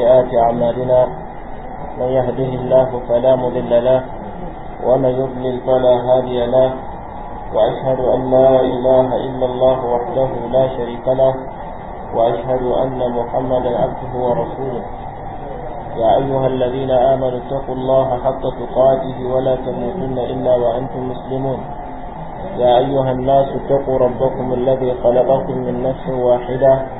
سيئات أعمالنا من يهده الله فلا مضل له ومن يضلل فلا هادي له وأشهد أن لا إله إلا الله وحده لا شريك له وأشهد أن محمدا عبده ورسوله يا أيها الذين آمنوا اتقوا الله حق تقاته ولا تموتن إلا وأنتم مسلمون يا أيها الناس اتقوا ربكم الذي خلقكم من نفس واحدة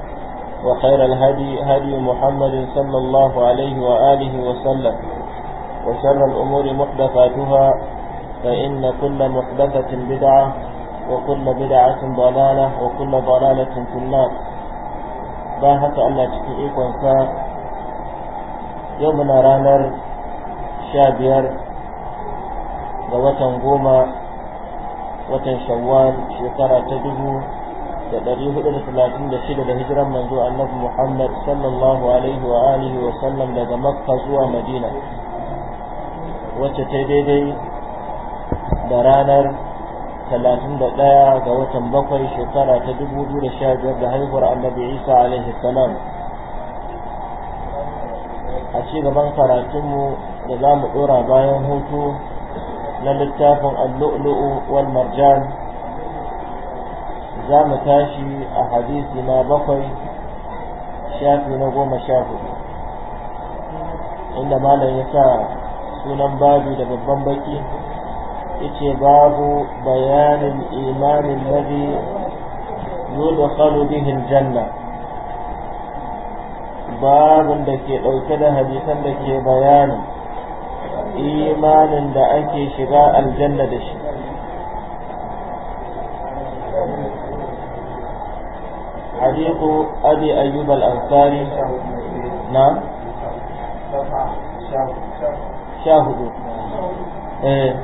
وخير الهدي هدي محمد صلى الله عليه وآله وسلم وشر الأمور محدثاتها فإن كل محدثة بدعة وكل بدعة ضلالة وكل ضلالة في النار باهت الله تكيئك وانسا يومنا رانر شابير دوة قومة watan shawwal shekara ta dubu da ɗari hudu da talatin da shida da hijiran manzo annabi Muhammad sallallahu alaihi wa alihi wa sallam daga Makka zuwa Madina wacce ta daidai da ranar talatin da ɗaya ga watan bakwai shekara ta dubu biyu da sha biyar da haihuwar annabi Isa alaihi salam a ci gaban karatunmu da za mu ɗora bayan hutu na littafin allu'lu'u wal marjan za mu tashi a hadisi na bakwai shafi na goma sha hudu inda malam ya sa sunan babu da babban baki yace babu bayanin imanin nabi yudkhalu bihi aljanna babun da ke ɗauke da hadisan da ke bayanin imanin da ake shiga aljanna da shi حديث أبي أيوب الأنصاري نعم شاهد ايه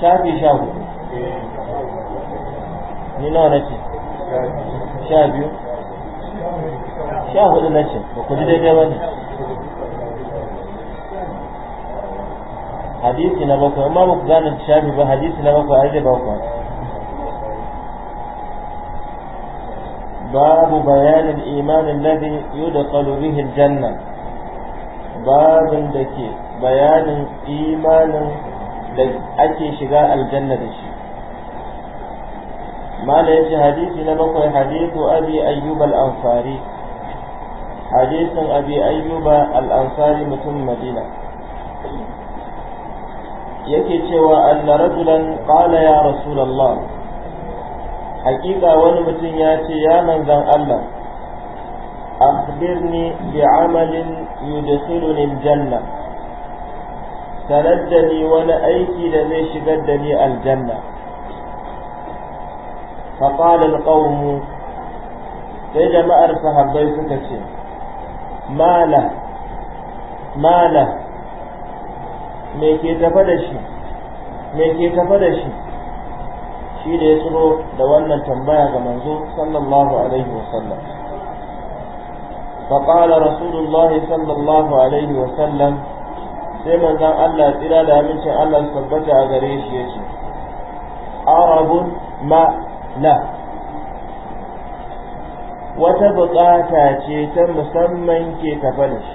شافي شاهد ni nawa nake sha biyu sha hudu nake ba ku ji daidai ba ne hadisi na bakwai amma ba ku gane shafi ba hadisi na bakwai ai zai bakwai باب بيان الإيمان الذي يدخل به الجنة باب دكي بيان إيمان أكي شقاء الجنة دشي ما ليش حديث نبقى حديث أبي أيوب الأنصاري حديث أبي أيوب الأنصاري متم مدينة yake cewa anna rajulan qala ya rasulullah hakika wani mutum ya ce ya manzan Allah akhbirni bi amalin yudkhiluni aljanna sanar da ni wani aiki da zai shigar da ni aljanna فقال القوم sai jama'ar sahabbai suka ce mala mala me ke tafa da shi me ke tafa da shi shi da ya tsoro da wannan tambaya ga manzo sallallahu alaihi wasallam فقال رسول الله صلى الله عليه وسلم sai manzon Allah tsira da amincin Allah su tabbata a gare shi yace arabun ma la wata bukata ce ta musamman ke tafa da shi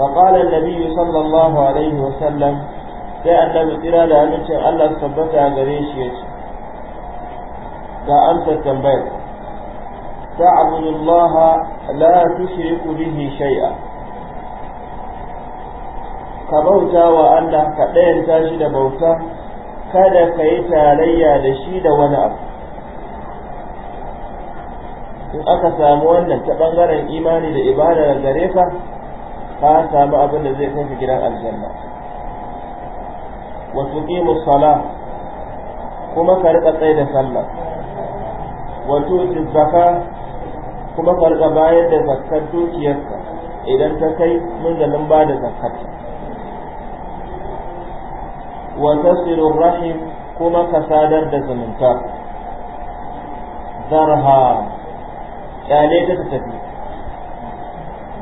فقال النبي صلى الله عليه وسلم sai annabi tsira da amincin Allah su tabbata gare shi ya ce ga amsar tambayar ta'budullaha la tushriku bihi shay'a ka bauta wa Allah ka ɗayanta shi da bauta kada ka yi tarayya da shi da wani abu in aka samu wannan ta ɓangaren imani da ibada da gare ka ka samu abin da zai kai gidan aljanna wa tuqimu salah kuma ka riƙa tsaye da sallah wa tuti zakka kuma ka riƙa bayar da zakkar dukiyarka idan ta kai munzalin ba da zakkar wa tasiru rahim kuma ka sadar da zumunta zarha kyale ta tafi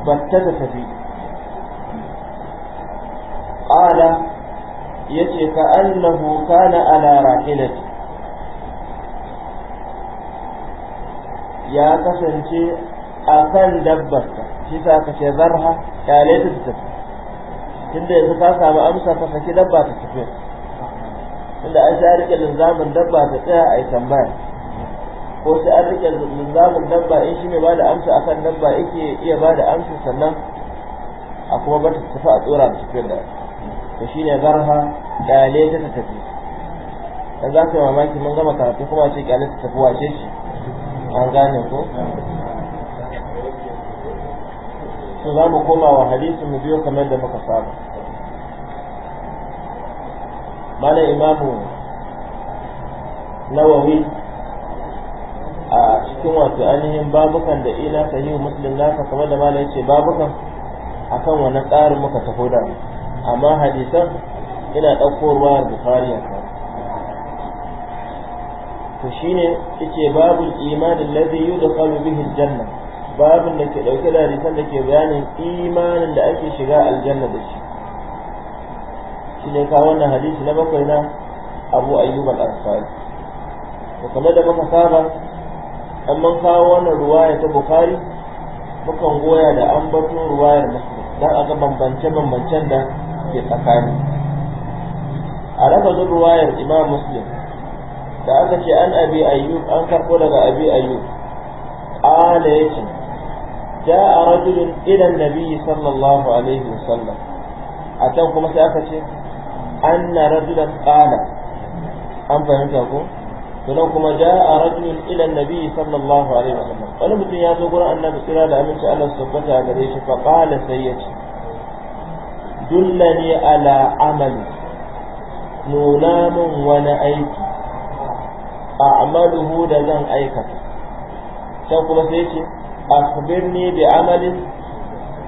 batta ta tafi ce ka annahu kana ala rahilati ya kasance a kan dabbarsa shi sa ka ce zarha kyale ta tunda yanzu ka samu amsa ka saki dabba ta tafiya tunda an sha rike linzamin dabba ta tsaya a yi tambaya ko sai an rike linzamin dabba in shi mai ba da amsa kan dabba yake iya ba da amsa sannan a kuma bar ta tafi a tsora da tafiyar da to shine zarha kyale ta tafi dan za ka yi mamaki mun gama karatu kuma ce kyale ta tafi wace shi an gane ko Su za mu koma wa hadisi mu biyo kamar da muka saba mana imamu nawawi a cikin wato ainihin babukan da ina ta yi muslim nasa kamar da ya ce babukan akan wani tsarin muka taho da amma hadisan ina ɗauko ruwayar bukari a kan to shine yake babul imani da yudkhalu bihi aljanna babun da ke dauke da hadisan da ke bayanin imanin da ake shiga aljanna da shi shine ka wannan hadisi na bakwai na Abu Ayyub al-Ansari to kamar da muka saba mun kawo wannan ruwaya ta bukari mukan goya da an bato ruwayar Muslim dan aga bambance-bambancen da ke tsakani a lafazin ruwayar imam muslim da aka ce an abi ayyub an karɓo daga abi ayyub ƙala ya ce ja a rajulun idan nabi sallallahu alaihi wasallam a can kuma sai aka ce an na rajulan ƙala an fahimta ko sannan kuma ja a rajulun idan nabi sallallahu alaihi wasallam wani mutum ya zo gurin annabi tsira da aminci allah su tabbata a gare shi fa ƙala sai ya ce dullani ala amali nuna min wani aiki A a'maluhu da zan aikata sai kuma sai ce birni bi amalin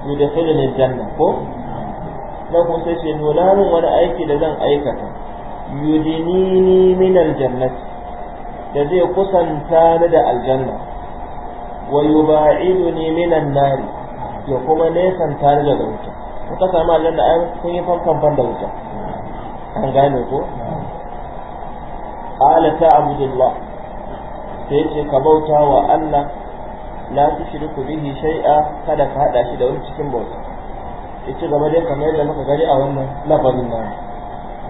da yudkhiluni janna ko na kuma sai ce nuna min wani aiki da zan aikata yudinini min aljannat da zai kusanta ni da aljanna wa ni minan nari ya kuma nesanta ni daga wuta ka samu aljanna ai kun yi fankan da wuta an gane ko ala ta abdullah sai ce ka bauta wa Allah la tushriku bihi shay'a kada ka hada shi da wani cikin bauta yace gaba dai kamar yadda muka gani a wannan lafazin nan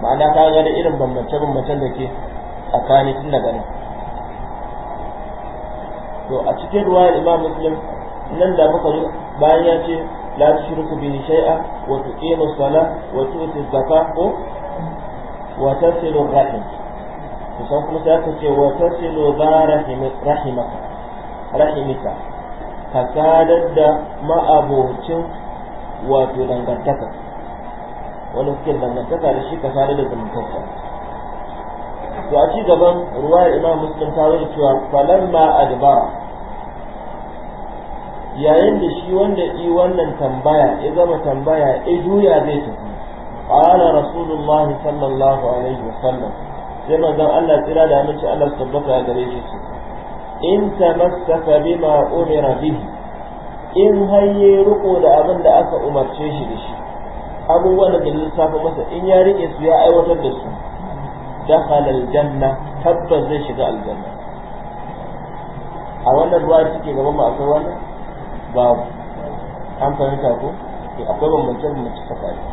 ma'ana ka ga da irin bambance bambancen da ke tsakanin tun daga nan to a cikin ruwa imam muslim nan da muka yi bayan ya ce la tushriku bihi shay'a wa tuqimu as wa tu'ti az ko wa tasilu rahim san kuma sai aka ce wa tasilu ba rahimaka rahimika ka sadar da ma'abocin wato dangantaka wani suke dangantaka da shi ka sadar da zamantarsa to a ci gaban ruwa imam muslim ta wani cewa falamma adbara yayin da shi wanda i wannan tambaya ya zama tambaya ya juya zai tafi قال رسول الله صلى الله عليه وسلم زي قال الله تعالى لا مش الله استبقى دريش إن تمسك بما أمر به إن هي رقو لأمن لأك أمر شيش لش أبو وانا من الإنسان مثلا إن ياريك يسويا أي وتدس دخل الجنة تبز زي شقاء الجنة أولا الرواية تكي قبل ما أكوانا باب أم فهمتها أكو أقوى من جنة تفكاري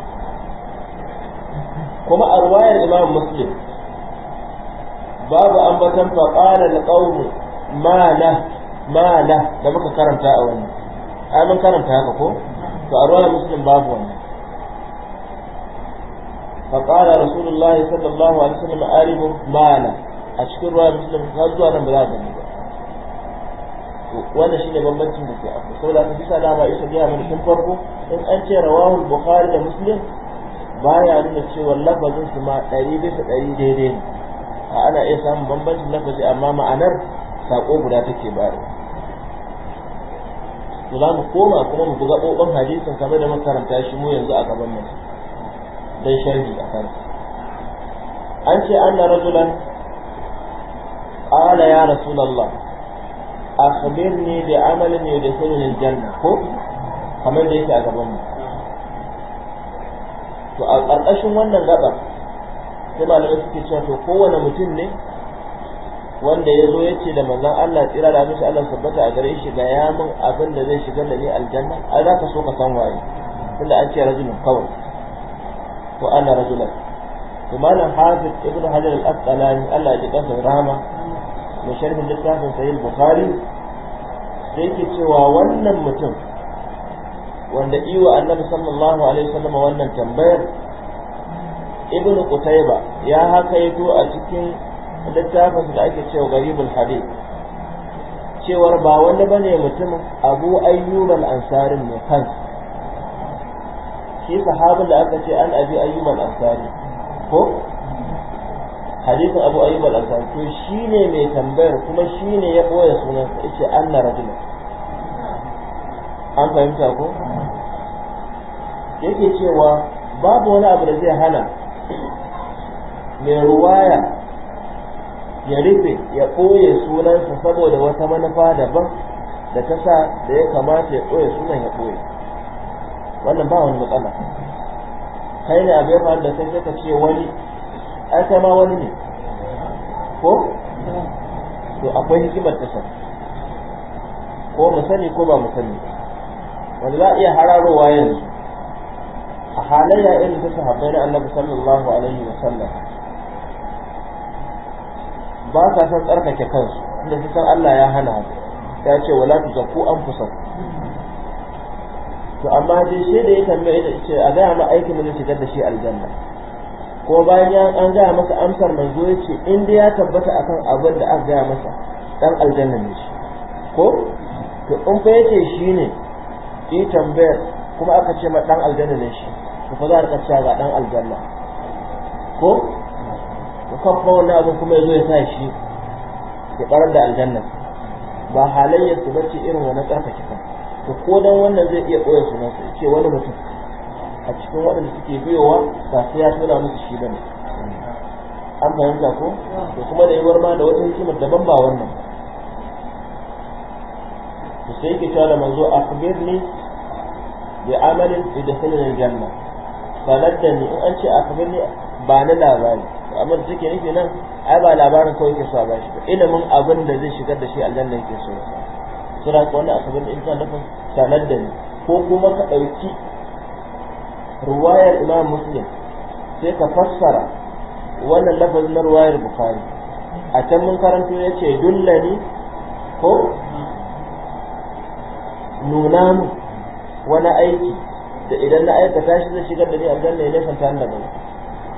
kuma a ruwayar imam muslim babu ambatan faƙala alƙawmu mala mana da muka karanta a wannan ai mun karanta haka ko to a ruwayar muslim babu wannan فقال رسول الله صلى الله عليه وسلم ألف مالا أشكر رأي مسلم a أنا بلاد wannan shine bambancin da ke akwai saboda ka bisa dama isa gaya mana tun farko in an ce rawahul bukhari da muslim baya nuna cewa lafazin su ma ɗari bisa ɗari daidai ne a ana iya samun bambancin lafazi amma ma'anar saƙo guda take bayar to za mu koma kuma mu buga ɓoɓon hadisin kamar da makaranta shi mu yanzu a gaban mu dan sharhi a kansa an ce anna rajulan qala ya rasulullah akhbirni bi amalin yudkhiluni janna ko kamar da yake a gaban mu to a ƙarƙashin wannan gaba sai malamai suke cewa to kowane mutum ne wanda ya zo ya ce da manzon Allah tsira da mishi Allah sabbata a gare shi ga mun abin da zai shigar da ni aljanna ai za ka so ka san waye tunda an ce rajulun kawai ko ana rajulun to malam hafiz ibnu hajar al-asqalani Allah ya ji kansa rahama mai sharhin littafin sahih bukhari sai yake cewa wannan mutum wanda iwa annabi sallallahu alaihi wasallam wannan tambayar ibn qutayba ya haka yato a cikin littafin da ake cewa garibul hadith cewar ba wani bane mutum abu ayyub al-ansarin ne kansa shi sahabin da aka ce an abi ayyub al-ansari ko hadisin abu ayyub al-ansari to shine mai tambayar kuma shine ya boye sunansa yace anna rajulan an fahimta ko yake cewa babu wani abu da zai hana mai ruwaya ya rufe ya ɓoye sunansa saboda wata manufa daban da ta sa da ya kamata ya ɓoye sunan ya ɓoye wannan ba wani matsala kai ne abu ya faru da sai ka ce wani ai kai ma wani ne ko to akwai hikimar ta san ko mu sani ko ba mu sani wanda za a iya hararowa yanzu halayya irin ta sahabbai na annabi sallallahu alaihi wa sallam ba sa san tsarkake kansu inda su san Allah ya hana ya ce wala an anfusakum to amma dai shi da ya tambaye da ce a gaya ma aikin da zai shigar da shi aljanna ko bayan an gaya masa amsar manzo ya ce in dai ya tabbata akan abin da aka gaya masa dan aljanna ne shi ko to in fa yace shi ne yi tambayar kuma aka ce ma dan aljanna ne shi ku fa za a ga dan aljanna ko to kafa wannan abin kuma yazo ya sa shi ya barar da aljanna ba halayyar su bace irin wani tsarka kika to ko dan wannan zai iya koyar su nan ce wani mutum a cikin waɗanda suke biyowa ba sai ya tona musu shi bane an fahimta ko to kuma da yiwuwar ma da wata hikimar daban ba wannan to sai yake cewa da manzo akhbirni bi amalin idkhulul janna sanadda ne in an ce a gani ba na labari amma da suke nufi nan ai ba labarin kawai ke so a bashi ba ilimin abin da zai shigar da shi aljanna yake so ya sura ko aka gani in ta sanar da ni ko kuma ka ɗauki ruwayar imam muslim sai ka fassara wannan lafazin na ruwayar bukhari a can mun karanto ya dullani ko nuna mu wani aiki da idan na aikata shi zai shigar da ni aljanna ya nisanta ni daga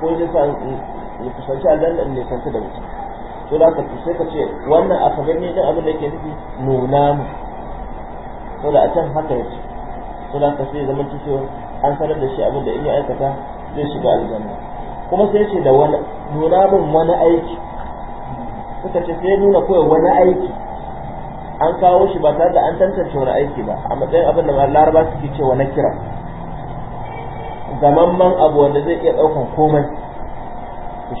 wuta ko ya sa ya kusanci aljanna in nisanci da wuce. to da ka sai ka ce wannan a kamar ne din abin da yake nufi nuna mu to da a can haka yake to da ka sai zama cewa an sanar da shi abin da in ya aikata zai shiga aljanna kuma sai ce da wani nuna mun wani aiki suka ce sai nuna kawai wani aiki an kawo shi ba tare da an tantance wani aiki ba a matsayin abin da larabawa suke cewa na kira gamamman abu wanda zai iya ɗaukan komai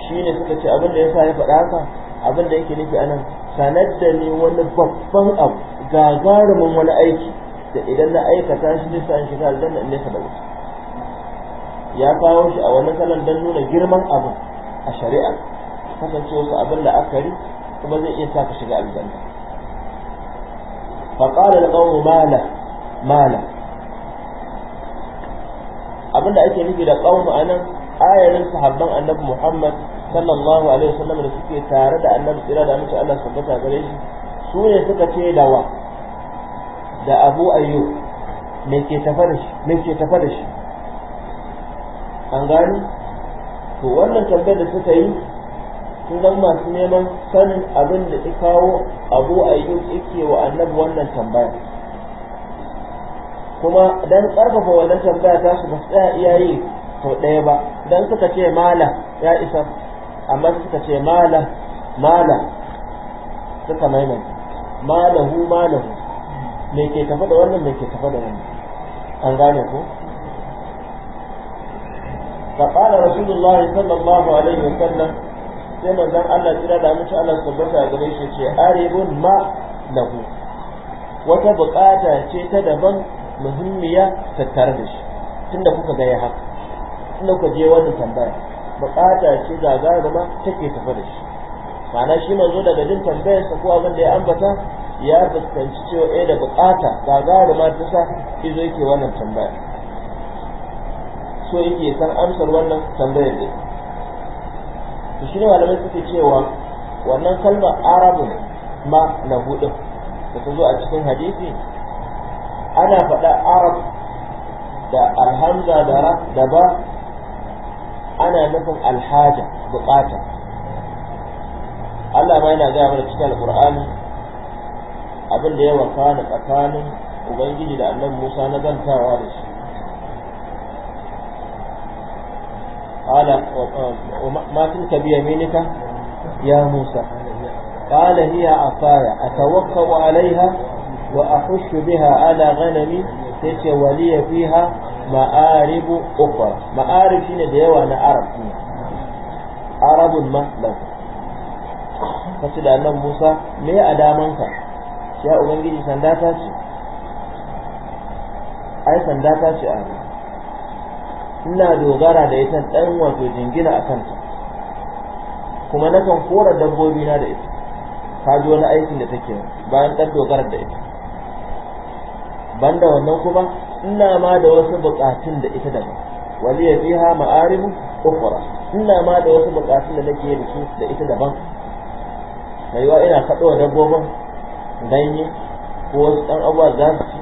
shi ne suka ce abin da ya sa ya faɗa haka abin da yake nufi anan sanar da ni wani babban abu gagarumin wani aiki da idan na aikata shi ne sa shiga aljanna in ne da ya kawo shi a wani salon don nuna girman abu a shari'a kasance wasu abin da aka yi kuma zai iya sa ka shiga aljanna na qawmu mala mala abinda ake nufi da qaumu anan ayarin sahabban annabi Muhammad sallallahu alaihi wasallam da suke tare da annabi tsira da mutu Allah sabbata gare shi su ne suka ce da wa da Abu Ayyub me ke tafa da shi me ke tafa da shi an gani to wannan tambayar da suka yi sun zama masu neman sanin abin da ya kawo Abu Ayyub yake wa annabi wannan tambaya kuma dan karfafa wannan tambaya ta su ba tsaya iyaye sau ɗaya ba dan suka ce mala ya isa amma suka ce mala mala suka maimaita malahu malahu me ke tafa da wannan me ke tafa da wannan an gane ko فقال رسول الله صلى الله عليه وسلم sai manzon Allah kira da mutu Allah tabbata gare shi ce aribun ma lahu wata bukata ce ta daban muhimmiya tattare da shi tunda kuka ga ya haka tunda kuka je wannan tambaya bukata ce gagaruma take tafe da shi ma'ana shi manzo daga jin tambayarsa ko abin da ya ambata ya fuskanci cewa eh da bukata gagaruma ta sa izo yake wannan tambaya so yake san amsar wannan tambayar da to shi ne malamai suke cewa wannan kalmar arabun ma na hudu da ta zo a cikin hadisi ana faɗa arab da alhamza da ra da ba ana nufin alhaja bukata Allah ma yana gaya mana cikin alqur'ani abin da ya wakana tsakanin ubangiji da annabi Musa na zantawa da shi ma ما تلك بيمينك ya Musa qala hiya عصاي أتوكأ alaiha وأحش بها على غنمي تيتي ولي فيها مآرب أخرى مآرب شين ديوة أنا عرب عرب ما لك فسد أن موسى ما أدامنك يا Ai سنداتاتي أي a أنا ina dogara da ita ɗan wato jingina a kanta kuma nakan kora dabbobi na da ita ka ji wani aikin da take bayan ɗan dogara da ita banda wannan kuma ina ma da wasu bukatun da ita daban waliya fiha ma'arimu ukhra ina ma da wasu bukatun da nake da su da ita daban rayuwa ina kaɗo wa dabbobin ganye ko wasu ɗan abubuwa za su ci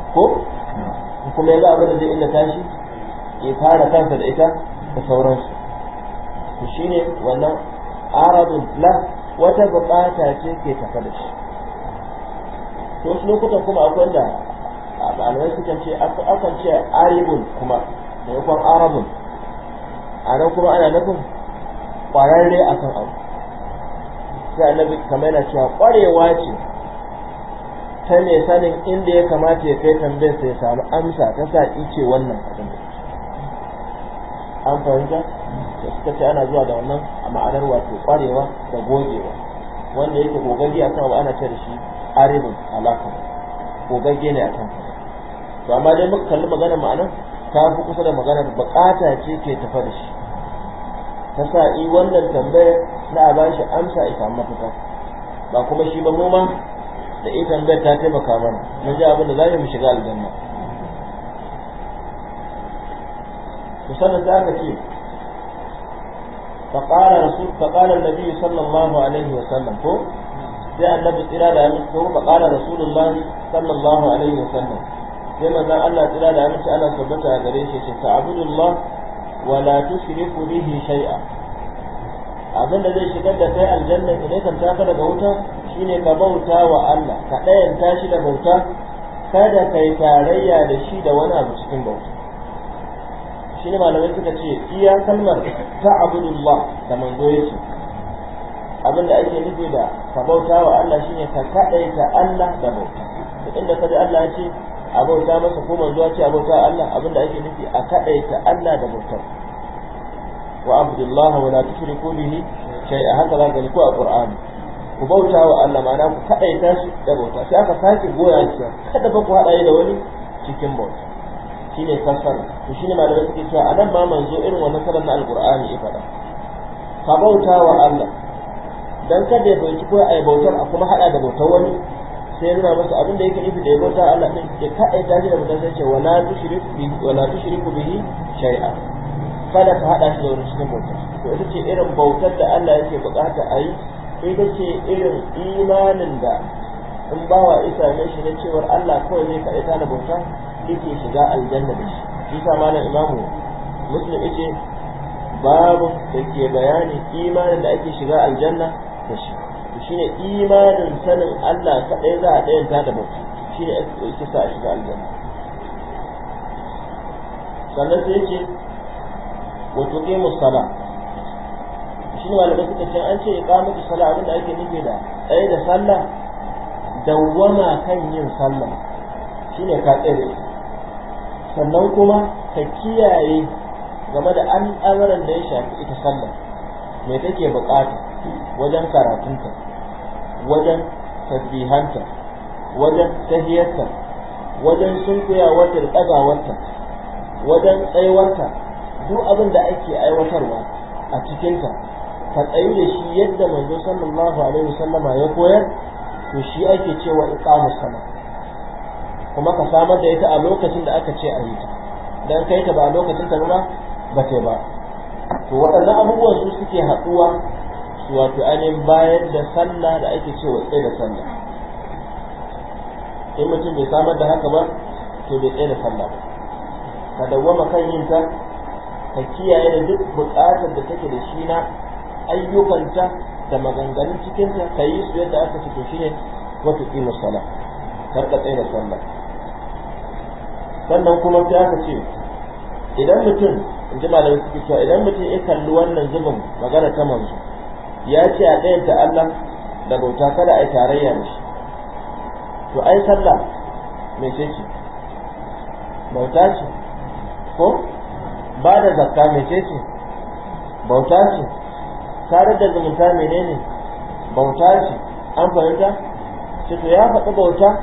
ko kuma yanzu abin da zai illa tashi ya fara kansa da ita da sauransu to shine wannan aradun la wata bukata ce ke tafa da shi to wasu lokutan kuma akwai da malamai sukan ce akan ce aribun kuma da yakon arabun a nan kuma ana nufin kwararre kan abu sai annabi kamar yana cewa kwarewa ce ta mai sanin inda ya kamata ya kai tambayar sai ya samu amsa ta sa ice wannan abin an fahimta da suka ce ana zuwa da wannan a ma'anar wato kwarewa da gogewa wanda yake a kan abu ana ce da shi aribin alaka gogagge ne a akan to amma dai muka kalli magana ma'anar ta fi kusa da maganar bukata ce ke tafa da shi ta sa i wannan tambayar na a ba shi amsa ita ta ba kuma shi ba mu ma da ita tambayar ta taimaka mana mun ji abin da za mu shiga aljanna to sanin za ka ce فقال رسول فقال النبي صلى الله عليه وسلم ko sai annabi tsira da ya mutu فقال رسول الله صلى الله عليه وسلم sai manzon Allah jira da amince Allah tabbata gare shi ce ta'budullah wa la tushriku bihi shay'a abin da zai shigar da kai aljanna idan kan taka daga wuta shine ka bauta wa Allah ka dayanta tashi da bauta kada kai tarayya da shi da wani abu cikin bauta shine malamai suka ce iya kalmar ta'budullah da manzo yake abin da ake nufi da ka bauta wa Allah shine ka kadaita Allah da bauta inda kaji Allah ya ce abauta masa ko manzo ya ce abauta Allah abinda ake nufi a kadaita Allah da bautar wa abdullahi wa la tushriku bihi a haka za ko a qur'ani ku bauta wa Allah ma'ana ku kadaita shi da bauta sai aka saki goya shi kada ba ku hada da wani cikin bauta shine kasar to shine malamai suke cewa anan ma manzo irin wannan salon na alqur'ani ya faɗa ka bauta wa Allah dan kada ya bauci ko ai bautar a kuma hada da bautar wani sai ya nuna masa abin da yake nufi da ya bauta Allah din ya kaɗai tashi da mutum sai ce wala tushrik bi wala tushriku bihi shay'a kada ka hada shi da wani cikin bauta to ita ce irin bautar da Allah yake bukata a yi ita ce irin imanin da in bawa isa ne shi na cewar Allah kawai zai kaɗai ta da bauta yake shiga aljanna da shi shi sa malam imamu muslim yace babu da ke bayani imanin da ake shiga aljanna da shi shine imanin sanin Allah kadai za a ta da mutum shine ake sa shi ga aljanna sannan sai yake wa ke sala shi ne malamai suka ce an ce iqamatu sala abin da ake nufi da ɗaya da sallah dawwama kan yin sallah shine ka tsaye sannan kuma ka kiyaye game da al'amuran da ya shafi ita sallah me take bukata wajen karatunta wajen tasbihanta wajen tahiyarta wajen sunkuyawarta da ɗagawarta wajen tsaiwarta duk abin da ake aiwatarwa a cikinta ka tsayu da shi yadda manzo sallallahu alaihi wasallama ya koyar to shi ake cewa iqamus sama, kuma ka samar da ita a lokacin da aka ce a yi ta dan kai ta ba lokacin ta ba ba ba to waɗannan abubuwan su suke haɗuwa wato ainihin bayar da sallah da ake cewa tsaye da sallah in mutum bai samar da haka ba to bai tsaye da sallah ba ka dawwama kan yin ta ka kiyaye da duk buƙatar da take da shi na ayyukanta da maganganun cikinta ka yi su yadda aka cikin shi ne wata ƙimar sallah ka tsaye da sallah sannan kuma sai aka ce idan mutum in ji malamin suke cewa idan mutum ya kalli wannan zubin magana ta manzo ya ce a ɗayan ta Allah da bauta kada a yi tarayya da shi to ai sallah mai ce ce bauta ce ko ba da zakka mai ce ce bauta ce tare da zumunta menene bauta ce an fahimta ce to ya faɗi bauta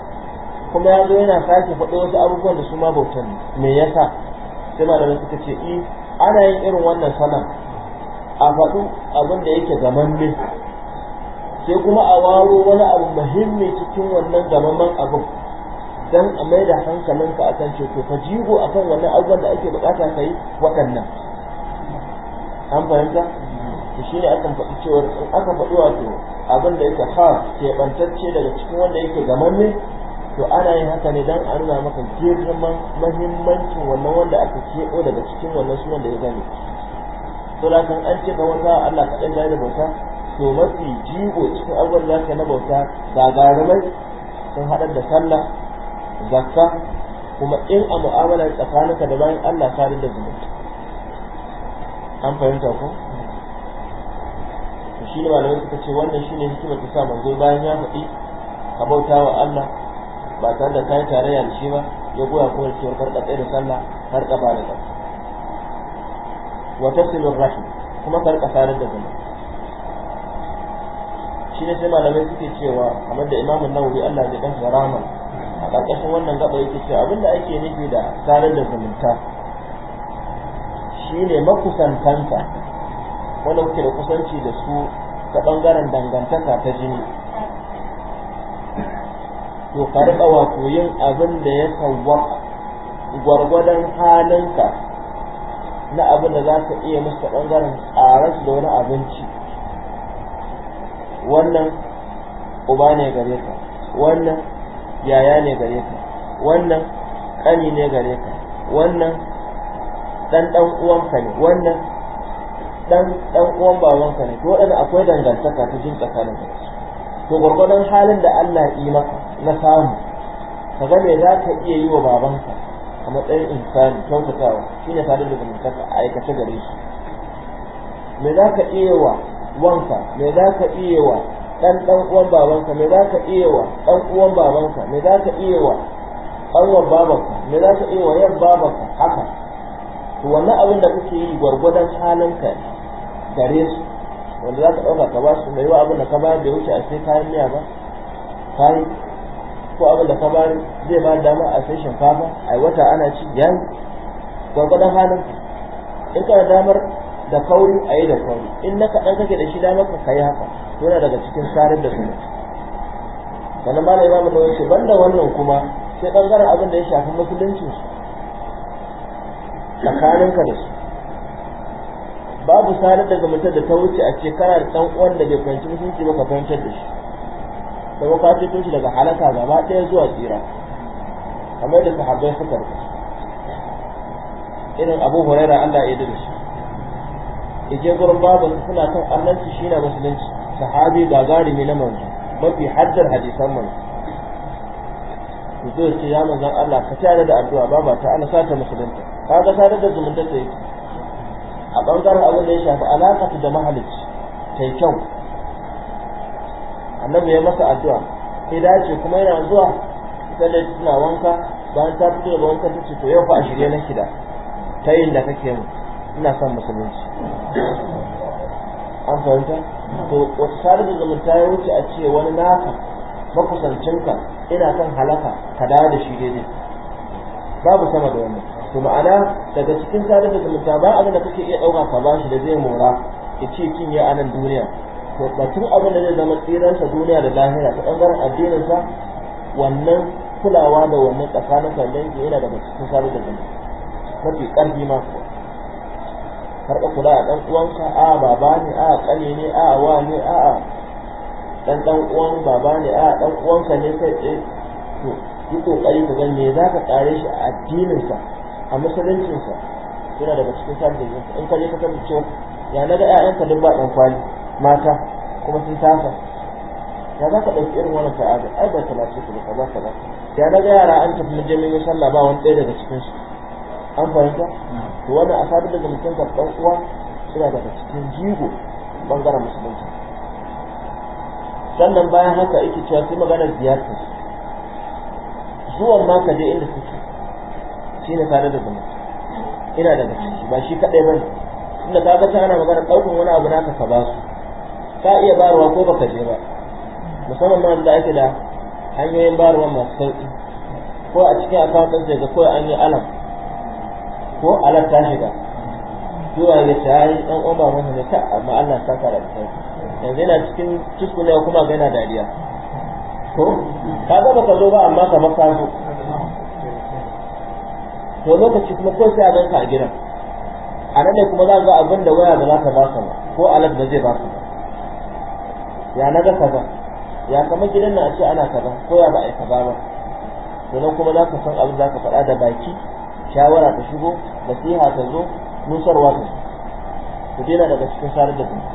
kuma ya zo yana sake faɗi wasu abubuwan da su ma bautan me yasa sai malamai suka ce eh, ana yin irin wannan sallah a faɗi abin da yake gamanne sai kuma a waro wani abu muhimmi cikin wannan gamamman abin don a mai da hankalinka a kan ceto ka jigo a kan wannan abubuwan da ake bukata ka yi waɗannan an fahimta shi ne akan faɗi cewar in aka faɗi wato abin da yake ha keɓantacce daga cikin wanda yake gamanne to ana yin haka ne don a nuna maka girman mahimmancin wannan wanda aka keɓo daga cikin wannan sunan da ya gane kan an ce ka wata Allah ka ɗan da bauta to mafi jigo cikin abubuwan da ka na bauta ga garumai sun haɗar da sallah zakka kuma in a mu'amala tsakaninka da bayan Allah ka da zumunta an fahimta ko to shi ne malamai suka ce wannan shine hikimar ta sa manzo bayan ya faɗi ka bauta wa Allah ba tare da kai tarayya da shi ba ya goya kuma cewar karɗa tsaye da sallah har ba da wa tasilu rahim kuma ka rika da zama shi ne sai malamai suke cewa kamar da imamu nawawi Allah ya kan rama a ƙarƙashin wannan gaba yake cewa abinda ake nufi da sarar da zumunta shine makusantanta, wanda wuce da kusanci da su ta ɓangaren dangantaka ta jini to ka riƙa wato yin abin da ya kawo gwargwadon halinka na abin da za ka iya musu ɓangaren tsarar da wani abinci wannan uba ne gare ka wannan yaya ne gare ka wannan ƙani ne gare ka wannan ɗan ɗan uwanka ne wannan ɗan ɗan uwan babanka ne to waɗanda akwai dangantaka ta jin tsakanin ka to gwargwadon halin da Allah yi maka na samu ka ga me za ka iya yi wa babanka a matsayin insani kyautatawa shi ne sadar da zumunta a aikace gare shi me za ka iya wa wanka me za ka iya wa ɗan ɗan uwan babanka me za ka iya wa ɗan uwan babanka me za ka iya wa ƙanwar babanka me za ka iya wa 'yan babanka haka to wannan abin da kake yi gwargwadon halinka gare su wanda za ka ɗauka ka ba su mai wa abin da ka bayar da wuce a ce kayan miya ba kayan ko abin da kamar zai ba dama a sai shinkafa a wata ana ci 'Yan? gwagwadon halin in kana damar da kauri a yi da kauri in na kaɗan kake da shi damar ka kai haka yana daga cikin sarar da suna wani ma na imamu da ban banda wannan kuma sai ɓangaren abin da ya shafi musuluncin su tsakanin ka da su babu sarar da mutum da ta wuce a ce kana da ɗan uwan da bai fahimci musulunci ba ka fahimtar da shi kuma ka ce shi daga halaka gaba ɗaya zuwa tsira kamar da sahabbai suka rubuta irin abu huraira Allah ya dade shi ije gurin babu suna kan annanci shi na musulunci sahabi gagarumi na manzo mafi haddar hadisan manzo yanzu ya ce ya manzan Allah ka tare da addu'a baba ta ana sata musulunta ka ga tare da zumunta ta yi a ɓangaren abin da ya shafi alaƙa da mahalicci ta yi kyau annabi ya masa addu'a sai dace kuma yana zuwa da tana wanka bayan ta fito daga wanka ta ce to yau fa a shirye nake da ta yin da kake mu ina son musulunci an fahimta to wata sare da zumunta ya wuce a ce wani naka makusancinka ina son halaka ka dawo da shi daidai babu sama da wannan to ma'ana daga cikin sare da zumunta ba abin da kake iya ɗauka ka bashi da zai mora ya ce kin a nan duniya batun abin da zai zama tsiransa duniya da lahira ta ɓangaren addininsa wannan kulawa da wannan tsakanin sandan ke yana daga cikin sarar da zama mafi ƙarfi ma karɓa kula a ɗan uwanka a baba ne a ƙane ne a wa ne a ɗan ɗan uwan baba ne a ɗan uwanka ne kai tsaye to yi ƙoƙari ka gan me za ka ƙare shi a addininsa a musuluncinsa yana daga cikin sarar da zama in ka je ka tabbata cewa ya na ga 'ya'yanka duk ba ɗan kwali mata kuma sun tasa ya za ka ɗauki irin wani ta'ada ai ba talace ku da kaza kaza ya na ga yara an tafi na sallah ba wani ɗaya daga cikin su an fahimta to wannan a sabu daga mutum ka ɗan uwa suna daga cikin jigo bangaren musulunci sannan bayan haka ake cewa sai magana ziyarta zuwan maka ka je inda suke shi ne tare da zama ina daga ciki ba shi kaɗai ba ne inda ka ta ana magana ɗaukar wani abu naka ka ba su ka iya barowa ko baka je ba musamman ma da ake da hanyoyin bayarwa masu sauki ko a cikin akawuntin sai ga kawai an yi alam ko alam ta shiga zuwa ya ta yi ɗan uwa ba ne ta amma Allah ta kara da yanzu yana cikin cikuna kuma ga yana dariya ko ka ga baka zo ba amma kamar ka zo to lokaci kuma ko sai a ganka a gidan a nan ne kuma za ga abin da waya da za ta ka ba ko alat ba zai ka ya na ga kaza ya kama gidan nan a ce ana kaza ko ya ba a yi kaza ba sannan kuma za ka san abin za ka faɗa da baki shawara ta shigo nasiha ta zo nusarwa ta ku dena daga cikin sarar da zuciya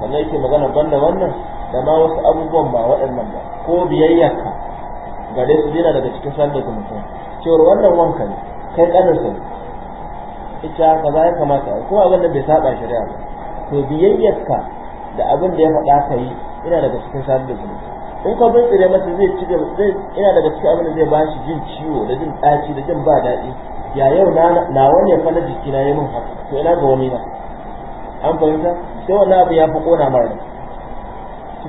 sannan yake magana banda wannan da ma wasu abubuwan ba waɗannan ba ko biyayyarka ga dai su dena daga cikin sarar da zuciya cewar wannan wanka ne kai ƙaninsa ne ita kaza ya kamata ko abin nan bai saba shari'a ba to biyayyarka da abin da ya faɗa ka yi ina daga cikin sadar da zuwa in ka tsire masa zai ci ina daga cikin abin da zai bashi jin ciwo da jin ɗaci da jin ba daɗi ya yau na wani ya na jiki na yi min haka to ina ga wani na an fahimta sai wani abu ya fi ƙona mara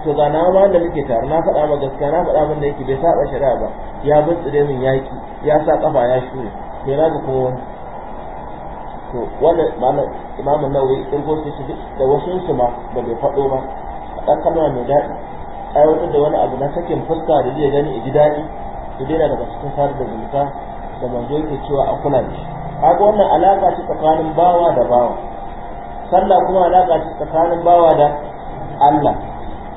to ga na ma da muke tare na faɗa ma gaskiya na faɗa abin da yake bai saɓa shari'a ba ya tsire min yaƙi ya sa ƙafa ya shure to ina ga kuma wani to wannan imamu nawawi kirgo su su da wasu su ma da bai faɗo ba a ɗan kalma mai daɗi aiwatar da wani abu na sakin fuska da zai gani ji daɗi su daina daga cikin sadar da zumunta da manzo yake cewa a kula da shi kaga wannan alaƙa ce tsakanin bawa da bawa sallah kuma alaƙa ce tsakanin bawa da Allah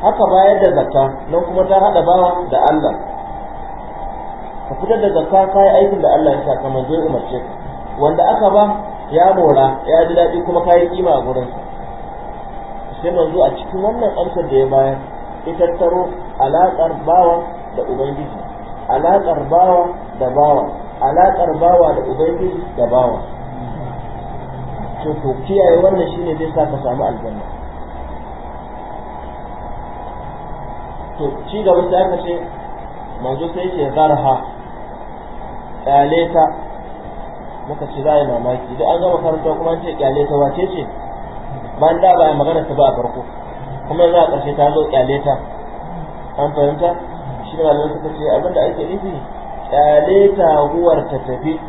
haka bayar da zakka nan kuma ta haɗa bawa da Allah ka fitar da zakka kai aikin da Allah ya sa ka manzo ya umarce ka wanda aka ba ya mora ya ji daɗi kuma ka yi kima a gurinsa sai manzo a cikin wannan amsar da ya bayar ita taro alaƙar bawa da ubangiji alaƙar bawa da bawa alaƙar bawa da ubangiji da bawa to ko kiyaye wannan shine zai sa ka samu aljanna to ci gaba sai aka ce manzo sai ce zarha kyale ta muka ce za a yi mamaki duk an gama karanta kuma an ce kyale ta wace ce ba da ba a magana ta ba a farko kuma yanzu a ƙarshe ta zo kyale ta an fahimta shi da malamai suka ce abinda ake nufi kyale ta huwar ta tafi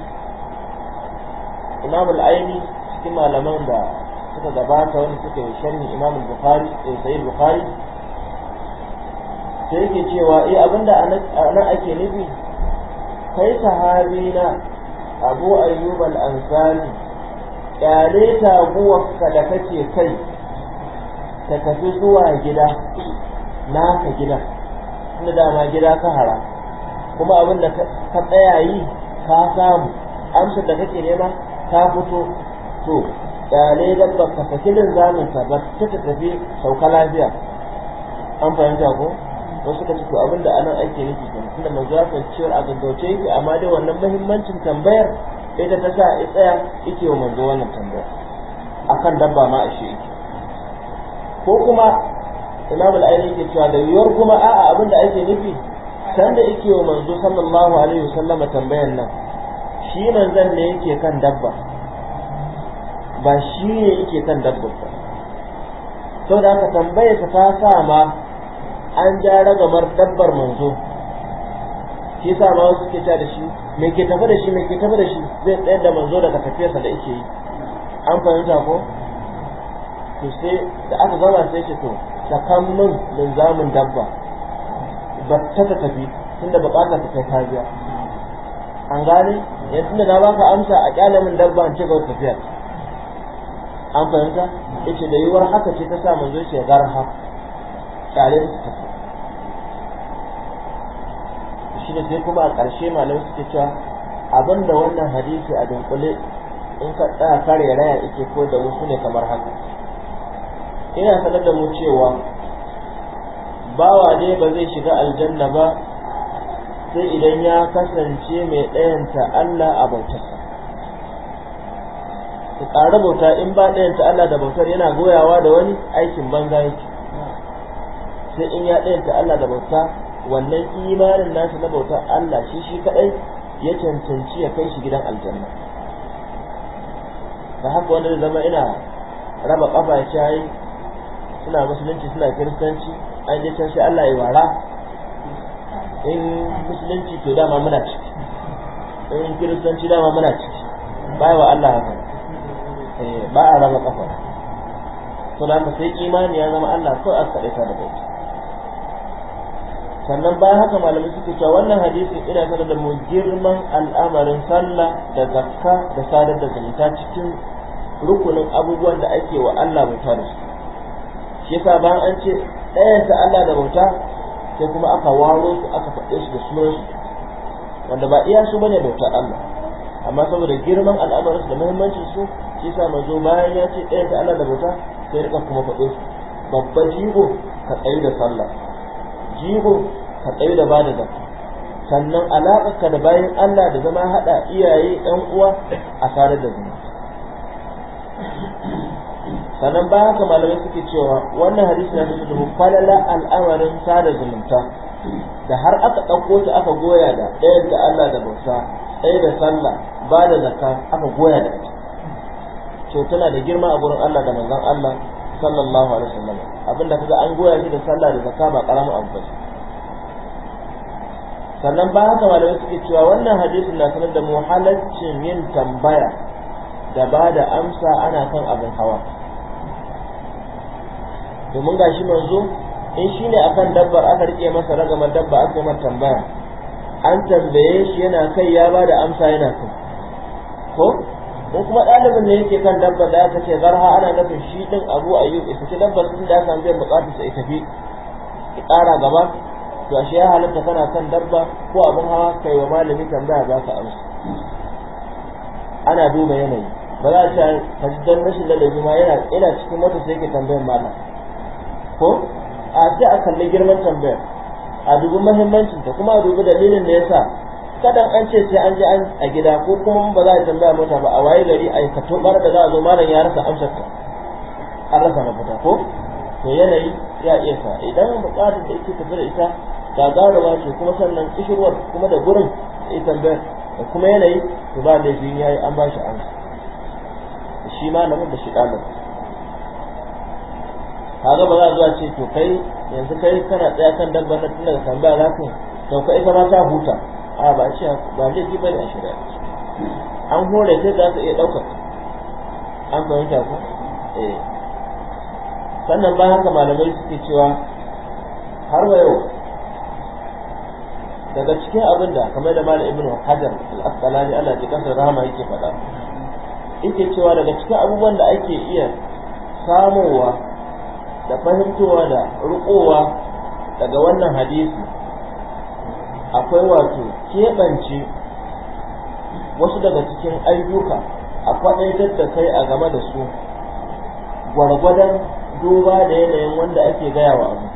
imamul aini cikin malaman da suka gabata wani suka yi sharhi imamul bukhari eh sayyid bukhari sai yake cewa eh abinda anan ake nufi kai sahabi na abu ayyuban ansari kyale taguwarka da kake kai ta tafi zuwa gida naka gida da dama gida ka hara kuma abin da ka tsaya yi ka samu amsar da kake nema ka fito to kyale ba ka saki linzamin ka ba ta tafi sauka lafiya an fahimta ko wasu ka ci to abin da anan ake nufi da manzo ya a gaggauce yake amma dai wannan muhimmancin tambayar ita ta sa ya tsaya yake wa manzo wannan tambayar akan dabba ma a shi yake ko kuma imamul ainihi yake cewa da yiwuwar kuma a'a abin da ake nufi sanda yake wa manzo sallallahu alaihi wasallam tambayar nan shi manzon ne yake kan dabba ba shi ne yake kan dabba ba saboda haka tambayar ta sa ma an ja ragamar dabbar manzo shi yasa ma wasu suke da shi mai ke tafi da shi mai ke tafi da shi zai tsayar da manzo daga tafiyarsa da yake yi an fahimta ko to sai da aka zama sai ce to sakan min zamun dabba ba ta ta tafi tunda bukatar ta kai kariya an gane yanzu da na baka amsa a kyala min dabba an ce ga tafiyar an fahimta yace da yiwuwar haka ce ta sa manzo ce garha kyale ta tafi shine sai kuma a ƙarshe malamai suke cewa da wannan hadisi a dunkule in ka tsaya kare raya yake ko da mu ne kamar haka ina sanar da mu cewa bawa ne ba zai shiga aljanna ba sai idan ya kasance mai ɗayanta Allah a bautar ku ƙara bauta in ba ɗayanta Allah da bautar yana goyawa da wani aikin banza yake sai in ya ɗayanta Allah da bauta wannan imanin nasu na bautar Allah shi shi kadai ya cancanci ya kai shi gidan aljanna da haka wanda zai zama ina raba kafa ya shayi suna musulunci suna kiristanci an je can shi Allah ya wara in musulunci to dama muna ciki in kiristanci dama muna ciki bai wa Allah haka eh, ba a raba kafa to da sai imani ya zama Allah ko a ta da bauta sannan bayan haka malamai suke cewa wannan hadisin ina sanar da mu girman al'amarin sallah da zakka da sadar da zumunta cikin rukunin abubuwan da ake wa Allah bauta da su shi yasa bayan an ce ɗayan sa Allah da bauta sai kuma aka waro su aka faɗe su da sunan su wanda ba iya su bane bauta Allah amma saboda girman al'amarin su da muhimmancin su shi yasa manzo bayan ya ce ɗayan sa Allah da bauta sai rika kuma faɗe su babban jigo ka tsayi da sallah jihun ka tsayu da ba da zaka. sannan alaƙarka da bayan Allah da zama haɗa iyaye ɗan uwa a tare da zuma sannan ba haka malamai suke cewa wannan hadisi na tafi da falala al'amarin sada zumunta da har aka ɗauko ta aka goya da ɗaya da Allah da bauta ɗaya da sallah ba da zakka aka goya da ita to tana da girma a gurin Allah da manzon Allah sallallahu alaihi wasallam abinda kaga an goya shi da sallah da zakka ba karamin abu sannan ba haka malamai suke cewa wannan hadisi na sanar da mu yin tambaya da ba da amsa ana kan abin hawa domin shi manzo in shine akan dabbar aka rike masa ragamar dabba aka yi tambaya an tambaye shi yana kai ya ba da amsa yana kai ko ko kuma ɗalibin ne yake kan dabba da aka ce zarha ana nufin shi din abu ayyub isa ce dabba sun da san zai bukatu sai tafi ki ƙara gaba to ashe ya halatta kana kan dabba ko abin hawa kai wa malami tambaya za ka amsa ana duba yanayi ba za a ce ka ji dan rashin ladabi ma yana ina cikin mota sai ke tambayar malam ko a ce a kalli girman tambayar a dubi muhimmancinta kuma a dubi dalilin da yasa kadan an ce sai an je an a gida ko kuma ba za a tambaya mota ba a waye gari a kato bar da za a zo malam ya rasa amsar ka an rasa mafita ko to yanayi ya iya sa idan bukatar da yake tafi da ita gagaruwa ce kuma sannan kishirwar kuma da gurin da ita tambayar da kuma yanayi to ba da jin yayi an ba shi amsa shi malamin da shi ɗalibin kaga ba za zuwa ce to kai yanzu kai kana tsaya kan dabbar da tun daga tambaya za ka to kai ka ba ta huta a ba shi ba laifi bane a shirya an hore sai za su iya ɗaukar an fahimta ku eh sannan ba haka malamai suke cewa har wa yau daga cikin abin da kamar da malam ibnu hajar al-asqalani Allah ya kasar rahama yake faɗa yake cewa daga cikin abubuwan da ake iya samowa da fahimtowa da rukowa daga wannan hadisi akwai wato keɓance wasu daga cikin ayyuka a kwaɗaitar da kai a game da su gwargwadon duba da yanayin wanda ake gaya wa abu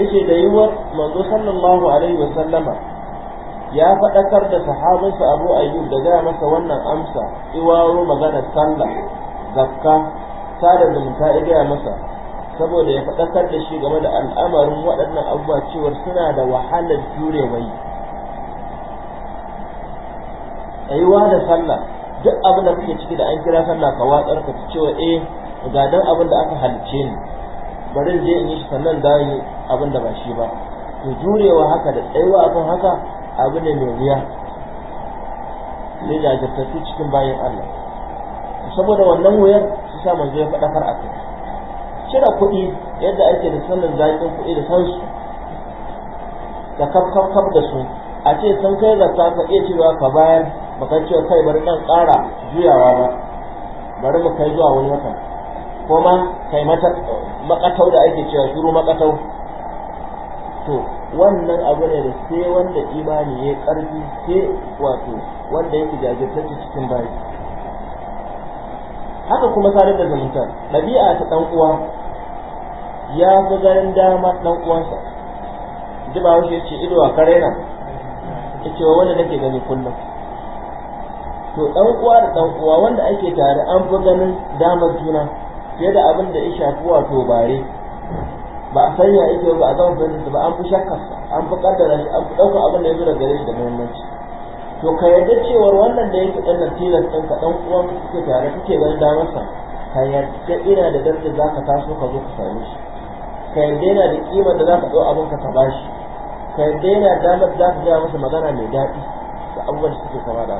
ishe da yiwuwar manzo sallallahu alaihi wa sallama ya faɗakar da sahabinsa abu ayyub da gaya masa wannan amsa iwaro maganar sallah zakka sada zumunta ya gaya masa saboda ya faɗakar da shi game da al'amarin waɗannan abubuwa cewar suna da wahalar jurewa yi tsayuwa da sallah duk abin da kake ciki da an kira sallah ka watsar ka ci cewa eh ga dan abin da aka halice ni bari je in yi shi sannan da yi abin da ba shi ba to jurewa haka da tsayuwa akan haka abu ne mai wuya sai jajirtattu cikin bayan Allah saboda wannan wuyar su sa manzo ya faɗakar a kai cire kuɗi yadda ake da sanin zaƙin kuɗi da sansu da kaf da su a ce sun kai da ka iya cewa ka bayar baka ce kai bari ɗan ƙara juyawa ba bari mu kai zuwa wani wata ko ma kai makatau da ake cewa shiru makatau to wannan abu ne da sai wanda imani ya ƙarfi sai wato wanda yake jajirtacce cikin bayi haka kuma sadar da zumunta ɗabi'a ta ɗan uwa ya fi garin dama ɗan uwansa ji ba wuce ce ido a kare nan yace wa wanda nake gani kullum to ɗan uwa da ɗan uwa wanda ake tare an fi ganin damar juna fiye da abin da ya shafi wato bare ba a sanya ake ba a zama fahimta ba an fi shakkar an fi kaddara shi an fi ɗaukar abin da ya zo daga gare shi da muhimmanci to ka yarda cewar wannan da yake ɗan nan tilas ɗin ka ɗan uwan kuke tare kuke ganin damarsa ka yarda ina da darajar za ka taso ka zo ka same shi ka yarda yana da kima da za ka ɗau abinka ka ba shi ka yarda yana damar za ka gaya masa magana mai daɗi da abubuwan da suke kama da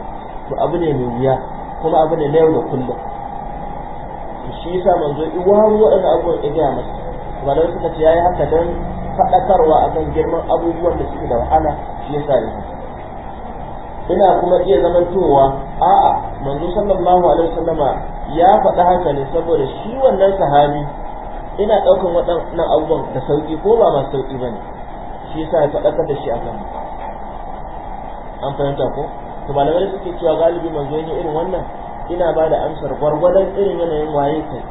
to abu ne mai wuya kuma abu ne na yau da kullum to shi yasa manzo in wani waɗanda abubuwan ya gaya masa malamai suka ce ya yi haka don faɗakarwa akan girman abubuwan da suke da wahala shi yasa ya haka ina kuma iya zamantowa a'a manzo sallallahu alaihi wasallama ya faɗa haka ne saboda shi wannan sahabi ina ɗaukan waɗannan abubuwan da sauƙi ko ba masu sauƙi ba ne shi yasa ya faɗakar da shi a kan an fahimta ko to malamai suke cewa galibi manzo ne irin wannan ina ba da amsar gwargwadon irin yanayin waye kai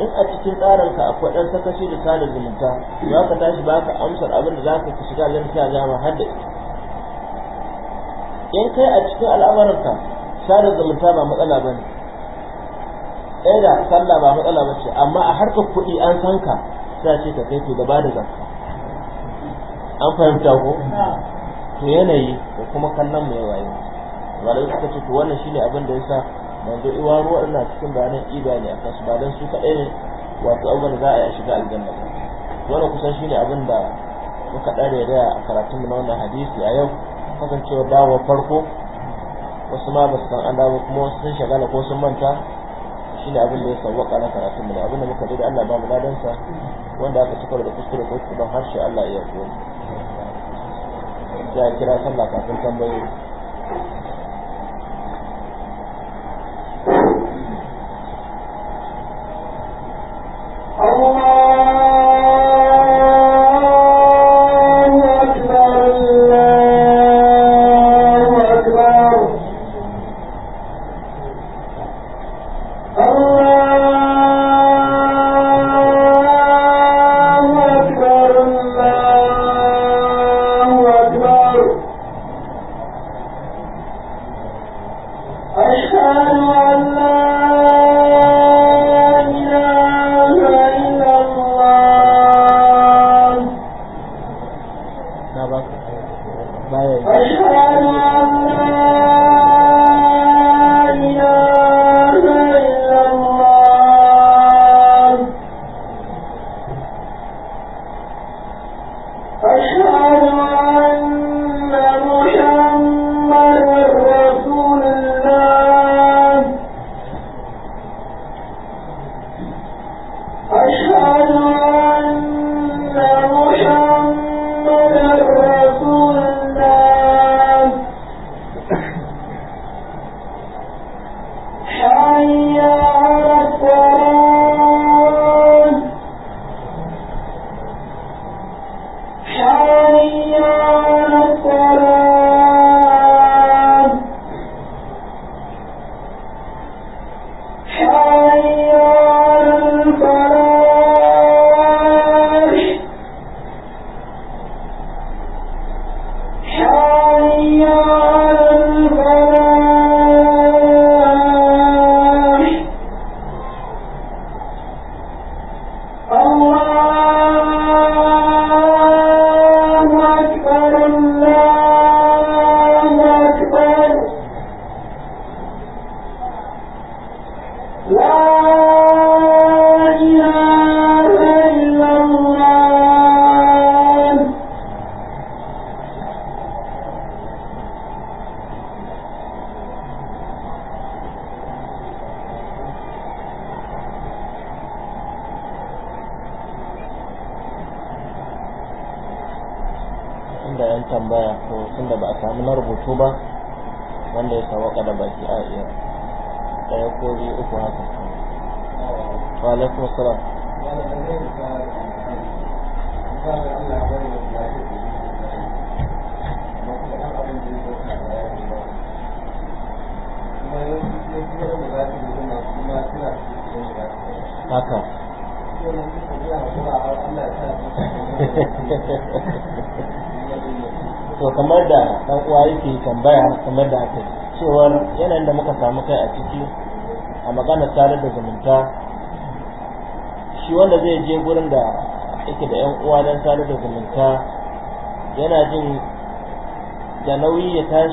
in a cikin tsarin akwai ɗan sakaci da sada zumunta za ka tashi ba ka amsar abin da za ka ka shiga lantarki a jama har da in kai a cikin al'amuranka sada zumunta ba matsala ba ne ɗaya da sallah ba matsala ba ce amma a harkar kuɗi an san ka za ce ka kai ku gaba da zakka an fahimta ko to yanayi da kuma kallon mai waye malai suka ce to wannan shine abin da yasa manzo iwa ruwa ina cikin bayanan iga ne akan su ba dan su kaɗai ne wato abin da za a yi a shiga aljanna wannan kusan shine abin da muka ɗare da a karatun na wannan hadisi a yau kasancewa dawo farko wasu ma ba su san an dawo kuma wasu sun shagala ko sun manta shine abin da ya sauwa na karatun mu da abin da muka da Allah ba mu ladan wanda aka cikar da kuskure ko kuma harshe Allah ya yi ya kira sallah kafin tambayoyi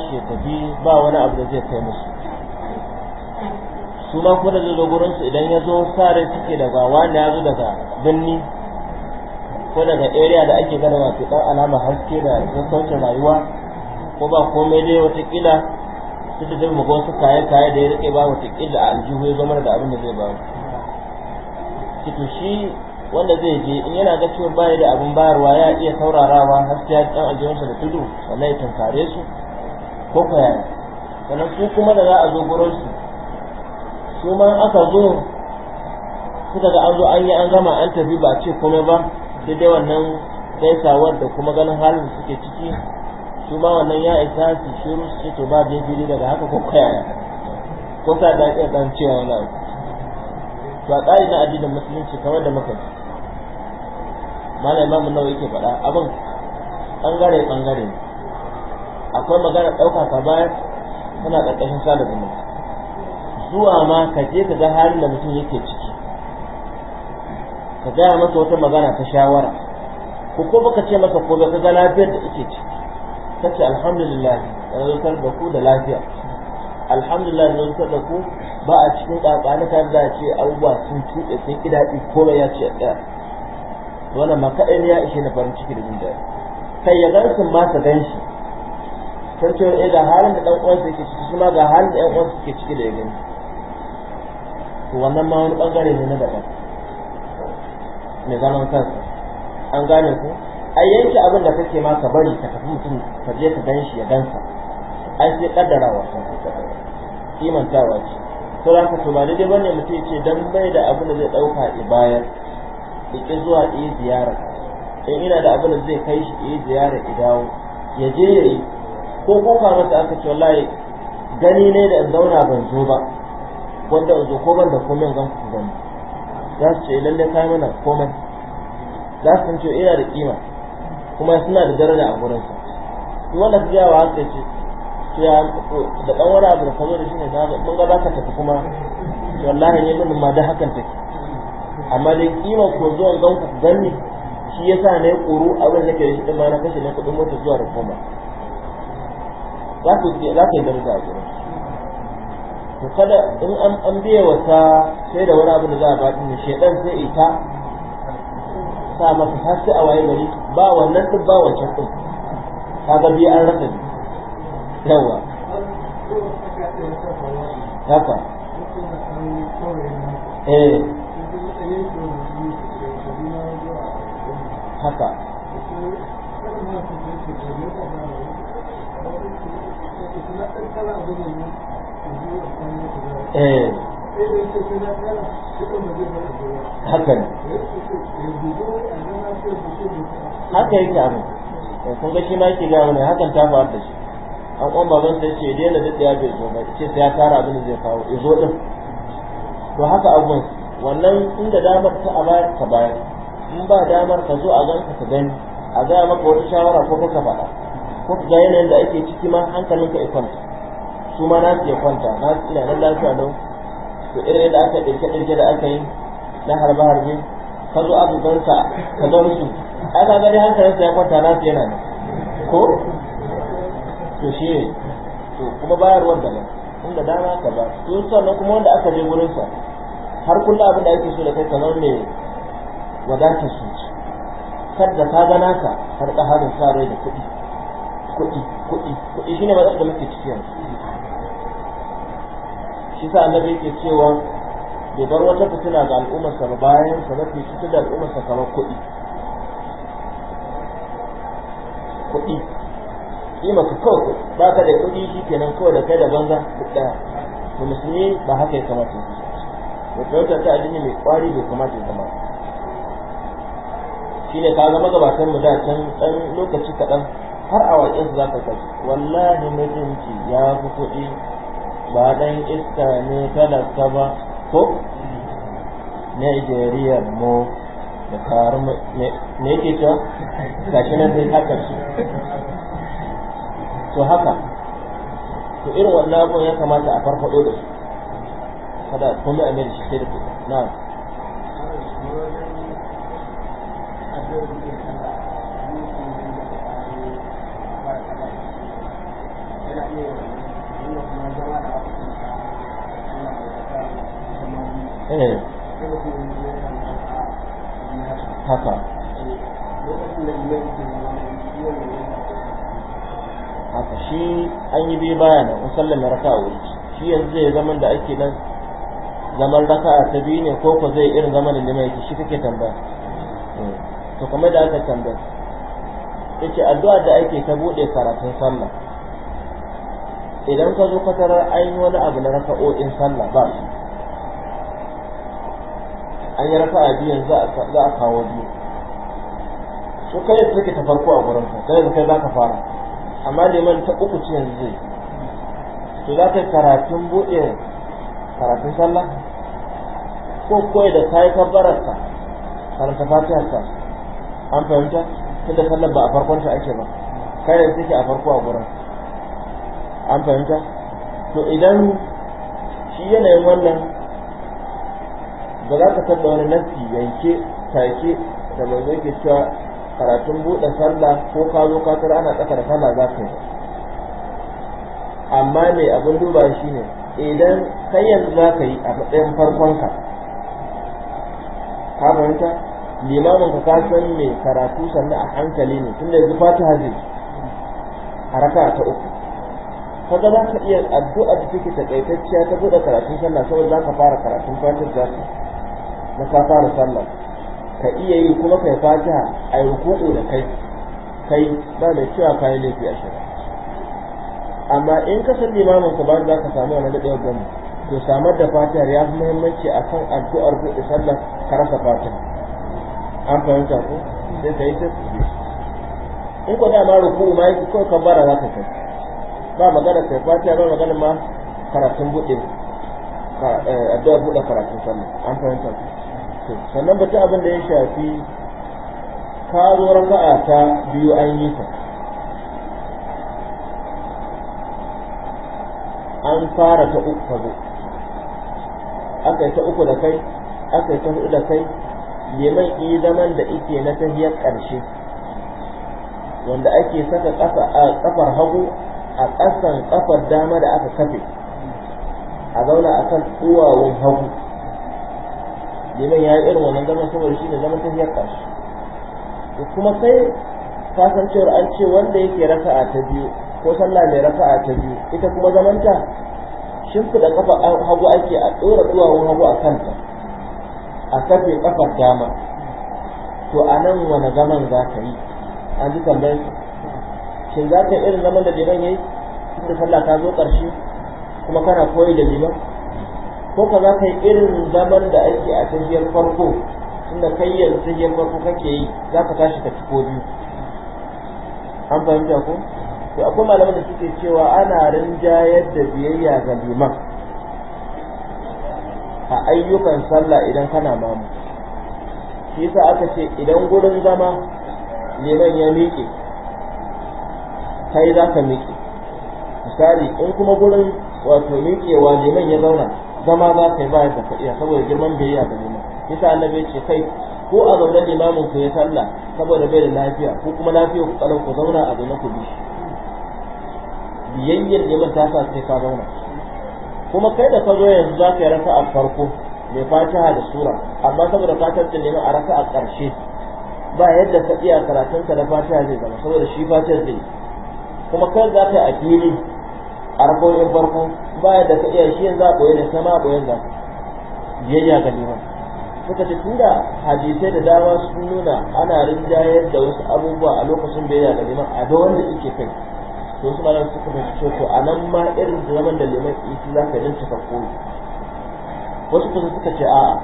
ce tafi ba wani abu da zai kai musu su ma kuma da su idan ya zo sare suke daga wani ya zo daga birni ko daga area da ake gana wato dan alama haske da sassaucin rayuwa ko ba komai dai watakila su da zai mago su kaye kaye da ya rike ba watakila a aljihu ya zama da abin da zai ba su shi wanda zai je in yana ga cewa baya da abin bayarwa ya iya saurarawa haske ya ɗan aljihunsa da tudu sannan ya tunkare su ko sannan su kuma da za a zo gurin su su ma aka zo suka ga an zo an yi an gama an tafi ba ce kuma ba sai dai wannan gaisawar da kuma ganin halin suke ciki su ma wannan ya isa su shiru su ce to ba je fili daga haka ko koyar ko ka da dan cewa wani to a tsari na addinin musulunci kamar da muka ji imamu nawa yake faɗa abin ɓangare ɓangare ne akwai magana ɗauka ka bayar tana ƙarƙashin sada zumunci zuwa ma ka je ka ga halin da mutum yake ciki ka gaya masa wata magana ta shawara ko ko baka ce masa ko ka ga lafiyar da yake ciki Ka ce alhamdulillah na zartar da ku da lafiya alhamdulillah na zartar da ku ba a cikin kakani ta da ce abubuwa sun tuɗe sun daɗi komai ya ce ɗaya wannan ma kaɗai ne ya ishe na farin ciki da jin daɗi kai ya gansu ma ta gan shi san cewa eh ga halin da dan uwansa yake ciki shi ma ga halin da ɗan uwansa ciki da ya gani to wannan ma wani bangare ne na daban mai zaman kansa an gane ku ai yanke abin da kake ma ka bari ka tafi mutum ka je ka gan shi ya gansa An sai kaddarawa ta kimantawa ce to za ka to ba daidai bane mutum ya ce dan bai da abin da zai ɗauka i bayar ki zuwa i ziyara in ina da abin da zai kai shi i ziyara ya dawo ya je ya yi ko ka mata aka ce wallahi gani ne da in zauna ban zo ba wanda in zo ko ban da komai zan ku gani za su ce eh, lalle kai mana komai za su san ina da kima kuma suna da daraja a gurin sa wanda su wa haka ce ya da dan wani abu da kazo da shi ne da mun ga za ka tafi kuma wallahi ne mun ma da hakan take amma dai kima ko zuwan ku ganni shi yasa ne kuru abin da ke shi din ma na kashe na kudin mota zuwa da koma za ka yi za to kada in an an biya wata sai da wani abin da za a bata ne shedan ita sa masa har a waye gari ba wannan din ba wancan din kaga biya an rasa yawa haka eh haka Eh. haka yake abin eh, kun ga shi ma yake gawo wani hakan ta faru da shi an kwan baban sai ce daina duk ya bai zo ba ce sai ya fara abin da zai kawo ya zo din to haka abun wannan inda damar ta a bayar ka bayar in ba damar ka zo a ganka ka gani a gaya maka wata shawara ko ka faɗa ko ka ga yanayin da ake ciki ma hankalinka ya kwanta su ma na ya kwanta na su ina nan lafiya don to irin da aka ɗauke ɗauke da aka yi na harbe harbe ka zo aka gansa ka don su ai ka gani hankalinsa ya kwanta na su yana nan ko to shi ne to kuma bayarwar da nan inda dama ka ba to sannan kuma wanda aka je gurinsa har kullum abin da ake so da kai kamar mai wadatar su kadda ka ga naka har ka harin sa rai da kuɗi kuɗi kuɗi kuɗi shine ba da muke cikin yanzu shi sa annabi yake cewa da bar wata fitina ga al'ummar, sa bayan sa mafi fitina da sa kamar kuɗi kuɗi kima ka kawai ba ka da kuɗi shi kenan kawai da kai da banza duk ɗaya musulmi ba haka ya kamata ya da ɗaukar ta addini mai ƙwari bai kamata ya kamata. shi ne ka zama gabatar mu da can ɗan lokaci kaɗan har a waƙen su za ka kaji wallahi mijinki ya fi kuɗi ba dan iska ne talaka ba ko Nigeria mu da karu ne ne ke ga shi nan haka su to haka to irin wannan abun ya kamata a farfado da su kada kuma a mai da shi sai da na eh haka haka shi an yi bai baya da musallan na raka a wuri shi yanzu zai zaman da ake nan zaman raka ta biyu ne ko ko zai irin zaman da liman yake shi kake tambaya eh. to kuma da aka tambaya yace addu'a da ake ta bude karatun sallah idan ka zo ka tarar an yi wani abu na raka'o'in sallah ba su an yi a biyan za a kawo biyu su kai su take ta farko a gurin ka yanzu kai za ka fara amma liman ta uku ci yanzu zai to za ka yi karatun buɗe karatun sallah ko koyi da kayi kabbararka karanta fatiyarsa an fahimta tunda sallar ba a farkon ta ake ba kai da take a farko a gurin an fahimta to idan shi yanayin wannan ba za ka tabba wani nassi yanke take da mai zai cewa karatun buɗe sallah ko ka zo ka tara ana tsaka da sallah za ka yi amma ne abin duba shi ne idan kai yanzu za ka yi a matsayin farkon ka ka fahimta limamin ka san mai karatu sannan a hankali ne tunda yanzu fatiha zai a raka ta uku kaga za ka iya addu'a da take takaitacciya ta buɗe karatun sallah saboda za ka fara karatun fatiha za ka na ka fara sallah ka iya yi kuma kai fatiha a yi ruku'u da kai kai ba da cewa kayi laifi a shirya amma in ka san limamin ka ba za ka samu wani daɗewar gani to samar da fatihar ya fi muhimmanci a kan addu'ar buɗe sallah ka rasa fatiha an fahimta ko sai ka yi ta in ko dama ruku'u ma yake kawai kan bara za ka kai ba magana kai fatiha ba magana ma karatun buɗe eh, addu'ar buɗe karatun sallah an fahimta ko to sannan ba ta abin da ya shafi ka zo raka'a ta biyu an yi ta an fara ta uku ka zo aka yi ta uku da kai aka yi ta hudu da kai liman yi zaman da ike na tahiyar ƙarshe wanda ake saka a ƙafar hagu a ƙasan ƙafar dama da aka kafe a zauna a kan tsuwawun hagu domin ya yi irin wannan zaman saboda shi ne zaman tafiyar ƙarshe kuma sai fasan cewar an ce wanda yake a ta biyu ko sallah mai a ta biyu ita kuma zamanta shimfiɗa kafa hagu ake a ɗora duwawun hagu a kanta a kafe kafar dama to a nan wani zaman za ka yi an ji tambayar shin za ka irin zaman da liman ya yi tunda sallah ta zo ƙarshe kuma kana koyi da liman ko ka za ka yi irin zaman da ake a tafiyar farko tunda kai yanzu tafiyar farko kake yi za ka tashi ka ci ko biyu an fahimta ko to akwai malaman da suke cewa ana rinjayar da biyayya ga liman a ayyukan sallah idan kana mamu shi yasa aka ce idan gurin zama liman ya miƙe kai za ka miƙe misali in kuma gurin wato miƙewa liman ya zauna zama za ka yi bayan da ka iya saboda girman bai iya gani ma yasa annabi ce kai ko a zaune limamin ku ya sallah saboda bai da lafiya ko kuma lafiya ku kalau ku zauna a zaune ku bi biyayyar neman ta sa sai ka zauna kuma kai da ka zo yanzu za ka yi raka a farko mai fatiha da sura amma saboda ka tarce neman a raka a ƙarshe ba yadda ka iya karatunka da fatiha zai zama saboda shi fatiha zai kuma kai za ka yi a fili a farko baya da ka iya shi yanzu a ɓoye ne sama a ɓoyen da biyayya ga liman suka ce da hadisai da dama sun nuna ana rinjayar da wasu abubuwa a lokacin biyayya ga liman a ga wanda ike kai to su malam suka fahimci to a nan ma irin zaman da liman isi za ka jin cikakko wasu kuma suka ce a'a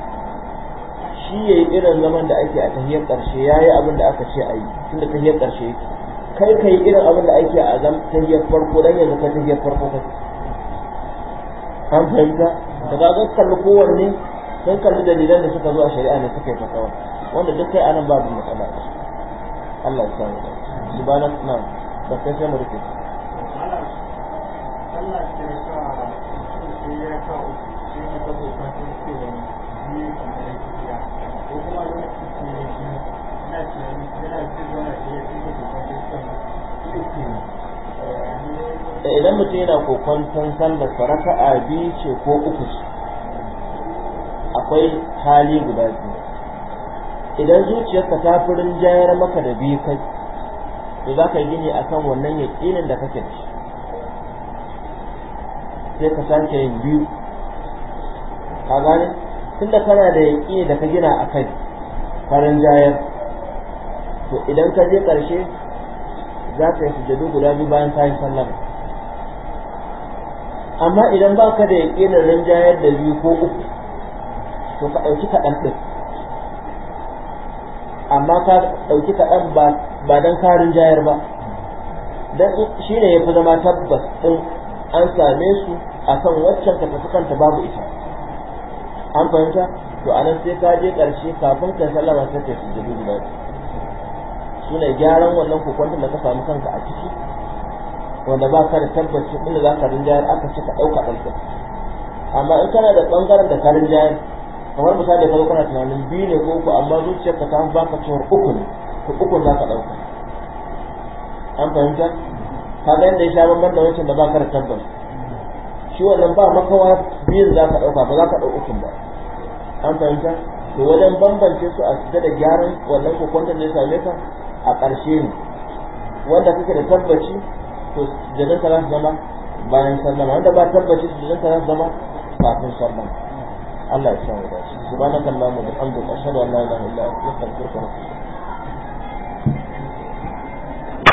shi ya yi irin zaman da ake a tahiyar ƙarshe yi abin da aka ce a yi tunda tahiyar ƙarshe yake kai ka yi irin abin da ake a zam tahiyar farko dan yanzu ka tahiyar farko kai an fahimta da ba zan kalli kowanne sun kalli dalilan da suka zo a shari'a ne suka yi fatawa wanda duk kai anan babu matsala Allah ya samu subhanallahi na da kai sai mu sai yana kokwanton sallar faraka a biyu ce ko uku ce akwai hali guda biyu idan zuciyarka ta furin rinjayar maka da biyu kai to za ka gini a kan wannan yaƙinin da kake da shi sai ka sake yin biyu ka gane tunda kana da yaƙi da ka gina a kai farin jayar, to idan ka je ƙarshe za ka yi sujadu guda biyu bayan ta yi sallama amma idan ba ka da yaƙinin rinjayar da biyu ko uku to ka ɗauki kaɗan ɗin amma ka ɗauki kaɗan ba don ka rinjayar ba don shi ne ya fi zama tabbas ɗin an same su a kan waccan ka tafi kanta babu ita an fahimta to a nan sai ka je ƙarshe kafin ka sallama sai ka su guda su ne gyaran wannan kokon da ka samu kanka a ciki wanda ba ka da tabbaci inda za ka rinjayar aka ce ka ɗauka ɗansa amma in kana da ɓangaren da ka rinjayar kamar misali ka zo kana tunanin biyu ne ko uku amma zuciyar ka samu ba ka cewar uku ne to uku za ka ɗauka an fahimta ka ga yadda ya sha bambam da wancan da ba ka da tabbas shi wannan ba makawa biyun za ka ɗauka ba za ka ɗauka ukun ba an fahimta to wajen bambance su a sida da gyaran wannan kokon da ya same ka a ƙarshe ne wanda kake da tabbaci to jadar zama bayan sallama wanda ba tabbaci jadar za zama kafin sallama Allah ya sa mu dace subhanakallahumma wa bihamdika ashhadu an la ilaha illa anta astaghfiruka wa atubu